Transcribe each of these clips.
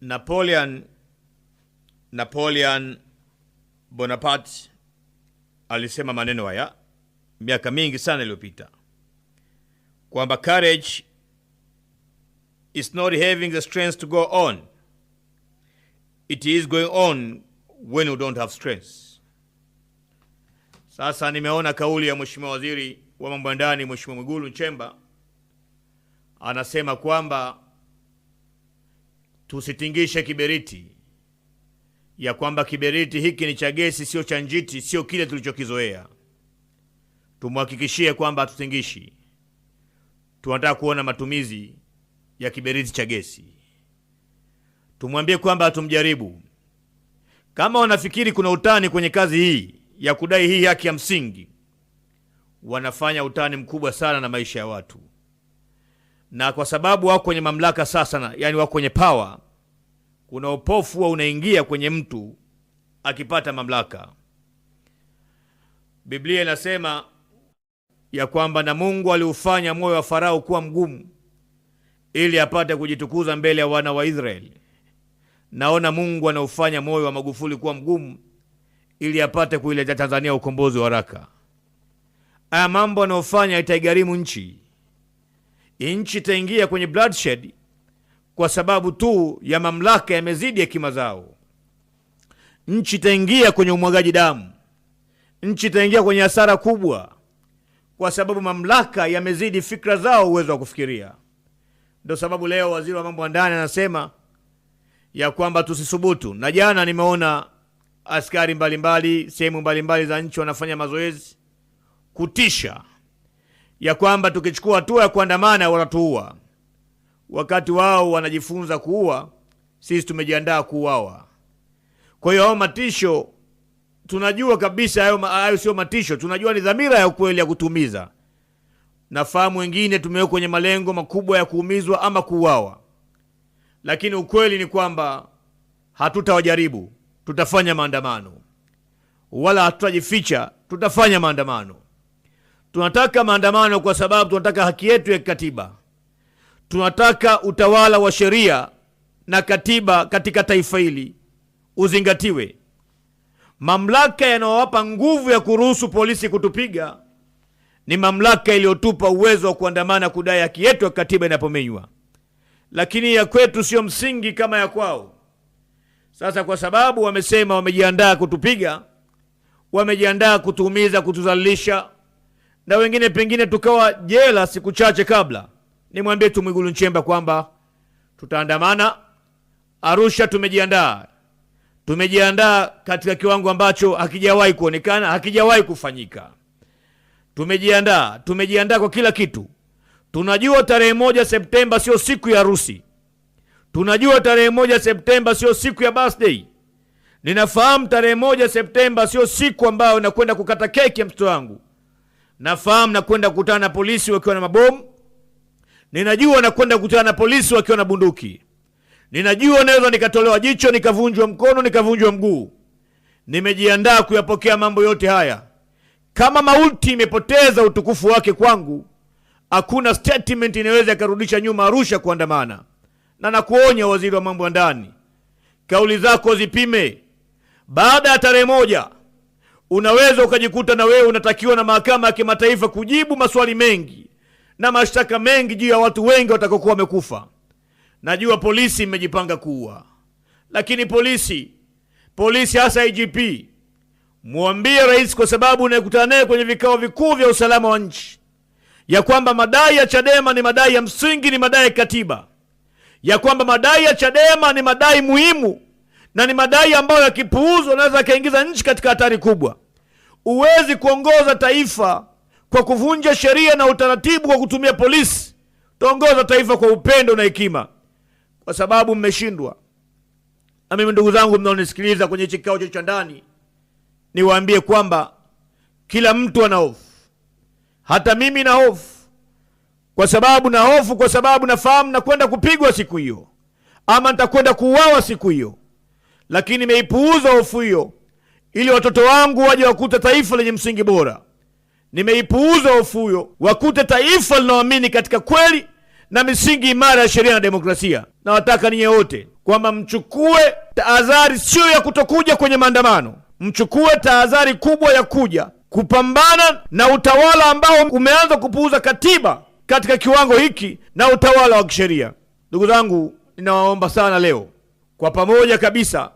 Napoleon, Napoleon Bonaparte alisema maneno haya miaka mingi sana iliyopita kwamba courage is not having the strength to go on. It is going on when you don't have strength. Sasa nimeona kauli ya Mheshimiwa Waziri wa Mambo ya Ndani Mheshimiwa Mwigulu Nchemba anasema kwamba tusitingishe kiberiti, ya kwamba kiberiti hiki ni cha gesi, sio cha njiti, sio kile tulichokizoea. Tumhakikishie kwamba hatutingishi. Tunataka kuona matumizi ya kiberiti cha gesi. Tumwambie kwamba hatumjaribu. Kama wanafikiri kuna utani kwenye kazi hii ya kudai hii haki ya msingi, wanafanya utani mkubwa sana na maisha ya watu na kwa sababu wako kwenye mamlaka sasa na, yani wako kwenye power, kuna upofu huwa unaingia kwenye mtu akipata mamlaka. Biblia inasema ya kwamba na Mungu aliufanya moyo wa Farao kuwa mgumu ili apate kujitukuza mbele ya wana wa Israeli. Naona Mungu anaufanya moyo wa Magufuli kuwa mgumu ili apate kuileta Tanzania ukombozi wa haraka. Haya mambo anayofanya itaigharimu nchi nchi itaingia kwenye bloodshed kwa sababu tu ya mamlaka yamezidi hekima zao. Nchi itaingia kwenye umwagaji damu, nchi itaingia kwenye hasara kubwa kwa sababu mamlaka yamezidi fikra zao, uwezo wa kufikiria. Ndio sababu leo waziri wa mambo ya ndani anasema ya kwamba tusisubutu. Na jana nimeona askari mbalimbali sehemu mbalimbali za nchi wanafanya mazoezi kutisha ya kwamba tukichukua hatua ya kuandamana watatuua. Wakati wao wanajifunza kuua, sisi tumejiandaa kuuawa. Kwa hiyo hao matisho tunajua kabisa hayo, hayo sio matisho, tunajua ni dhamira ya ukweli ya kutumiza Nafahamu wengine tumewekwa kwenye malengo makubwa ya kuumizwa ama kuuawa, lakini ukweli ni kwamba hatutawajaribu, tutafanya maandamano, wala hatutajificha, tutafanya maandamano. Tunataka maandamano kwa sababu tunataka haki yetu ya kikatiba. Tunataka utawala wa sheria na katiba katika taifa hili uzingatiwe. Mamlaka yanayowapa nguvu ya kuruhusu polisi kutupiga ni mamlaka iliyotupa uwezo wa kuandamana kudai haki yetu ya katiba inapomenywa, lakini ya kwetu sio msingi kama ya kwao. Sasa kwa sababu wamesema wamejiandaa kutupiga, wamejiandaa kutuumiza, kutuzalilisha na wengine pengine tukawa jela siku chache kabla. Nimwambie tu Mwigulu Nchemba kwamba tutaandamana Arusha. Tumejiandaa, tumejiandaa katika kiwango ambacho hakijawahi kuonekana, hakijawahi kufanyika. Tumejiandaa, tumejiandaa kwa kila kitu. Tunajua tarehe moja Septemba sio siku ya harusi, tunajua tarehe moja Septemba sio siku ya birthday. Ninafahamu tarehe moja Septemba sio siku ambayo nakwenda kukata keki ya mtoto wangu. Nafahamu nakwenda kukutana na polisi wakiwa na mabomu, ninajua nakwenda kukutana na polisi wakiwa na bunduki, ninajua naweza nikatolewa jicho, nikavunjwa mkono, nikavunjwa mguu. Nimejiandaa kuyapokea mambo yote haya. Kama mauti imepoteza utukufu wake kwangu, hakuna statement inaweza ikarudisha nyuma Arusha kuandamana. Na nakuonya waziri wa mambo ya ndani, kauli zako zipime. Baada ya tarehe moja unaweza ukajikuta na wewe unatakiwa na mahakama ya kimataifa kujibu maswali mengi na mashtaka mengi juu ya watu wengi watakokuwa wamekufa. Najua polisi imejipanga kuua, lakini polisi polisi hasa IGP mwambie rais, kwa sababu unayekutana naye kwenye vikao vikuu vya usalama wa nchi, ya kwamba madai ya Chadema ni madai ya msingi, ni madai ya katiba, ya kwamba madai ya Chadema ni madai muhimu na ni madai ambayo yakipuuzwa anaweza akaingiza nchi katika hatari kubwa. Huwezi kuongoza taifa kwa kuvunja sheria na utaratibu kwa kutumia polisi. Utaongoza taifa kwa upendo na hekima, kwa sababu mmeshindwa. Na mimi ndugu zangu mnaonisikiliza kwenye kikao chetu cha ndani, niwaambie kwamba kila mtu ana hofu, hata mimi na hofu kwa sababu na hofu, kwa sababu nafahamu nakwenda kupigwa siku hiyo ama nitakwenda kuuawa siku hiyo, lakini nimeipuuza hofu hiyo ili watoto wangu waje wakute taifa lenye msingi bora. Nimeipuuza hofu hiyo, wakute taifa linaoamini katika kweli na misingi imara ya sheria na demokrasia. Nawataka ninyi wote kwamba mchukue tahadhari, sio ya kutokuja kwenye maandamano, mchukue tahadhari kubwa ya kuja kupambana na utawala ambao umeanza kupuuza katiba katika kiwango hiki na utawala wa kisheria. Ndugu zangu, ninawaomba sana leo kwa pamoja kabisa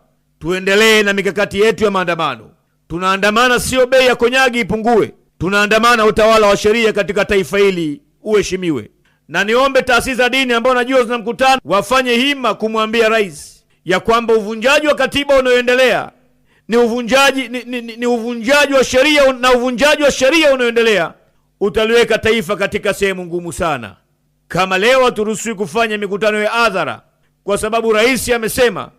tuendelee na mikakati yetu ya maandamano. Tunaandamana sio bei ya konyagi ipungue, tunaandamana utawala wa sheria katika taifa hili uheshimiwe. Na niombe taasisi za dini ambao najua zina mkutano wafanye hima kumwambia rais ya kwamba uvunjaji wa katiba unaoendelea ni uvunjaji ni, ni, ni, ni uvunjaji wa sheria na uvunjaji wa sheria unaoendelea utaliweka taifa katika sehemu ngumu sana. Kama leo haturuhusiwi kufanya mikutano ya adhara kwa sababu rais amesema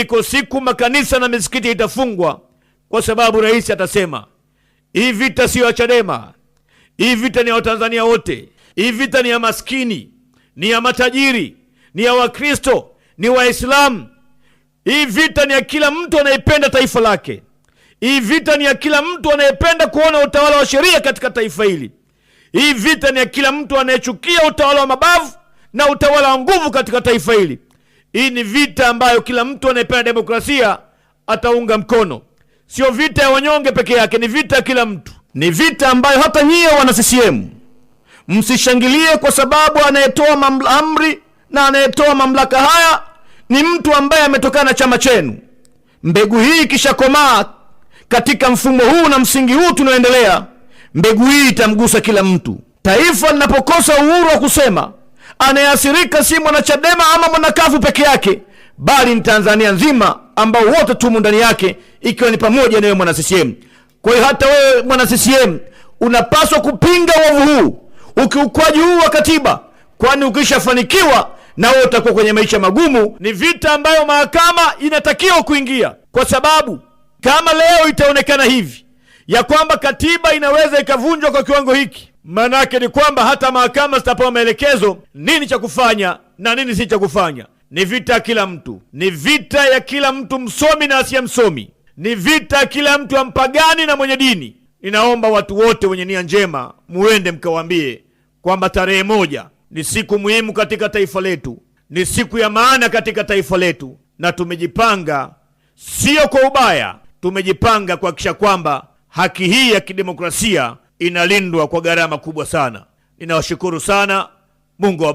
iko siku makanisa na misikiti itafungwa, kwa sababu rais atasema hii vita siyo ya Chadema, hii vita ni ya Watanzania wote, hii vita ni ya maskini, ni ya matajiri, ni ya Wakristo, ni Waislamu. Hii vita ni ya kila mtu anayependa taifa lake. Hii vita ni ya kila mtu anayependa kuona utawala wa sheria katika taifa hili. Hii vita ni ya kila mtu anayechukia utawala wa mabavu na utawala wa nguvu katika taifa hili. Hii ni vita ambayo kila mtu anayependa demokrasia ataunga mkono. Sio vita ya wanyonge peke yake, ni vita ya kila mtu, ni vita ambayo hata nyie wana CCM msishangilie, kwa sababu anayetoa amri na anayetoa mamlaka haya ni mtu ambaye ametokana na chama chenu. Mbegu hii ikishakomaa katika mfumo huu na msingi huu tunaoendelea, mbegu hii itamgusa kila mtu. Taifa linapokosa uhuru wa kusema anayeathirika si mwanachadema ama mwanakafu peke yake, bali ni Tanzania nzima ambao wote tumo ndani yake, ikiwa ni pamoja na wewe mwana CCM. Kwa hiyo hata wewe mwana CCM unapaswa kupinga uovu huu, ukiukwaji huu wa katiba, kwani ukishafanikiwa na wewe utakuwa kwenye maisha magumu. Ni vita ambayo mahakama inatakiwa kuingia, kwa sababu kama leo itaonekana hivi ya kwamba katiba inaweza ikavunjwa kwa kiwango hiki maana yake ni kwamba hata mahakama zitapewa maelekezo nini cha kufanya na nini si cha kufanya. Ni vita ya kila mtu, ni vita ya kila mtu, msomi na asiye msomi, ni vita ya kila mtu, ampagani na mwenye dini. Ninaomba watu wote wenye nia njema muende mkawaambie kwamba tarehe moja ni siku muhimu katika taifa letu, ni siku ya maana katika taifa letu, na tumejipanga sio kwa ubaya, tumejipanga kuhakikisha kwamba haki hii ya kidemokrasia inalindwa kwa gharama kubwa sana. Ninawashukuru sana, Mungu awabariki.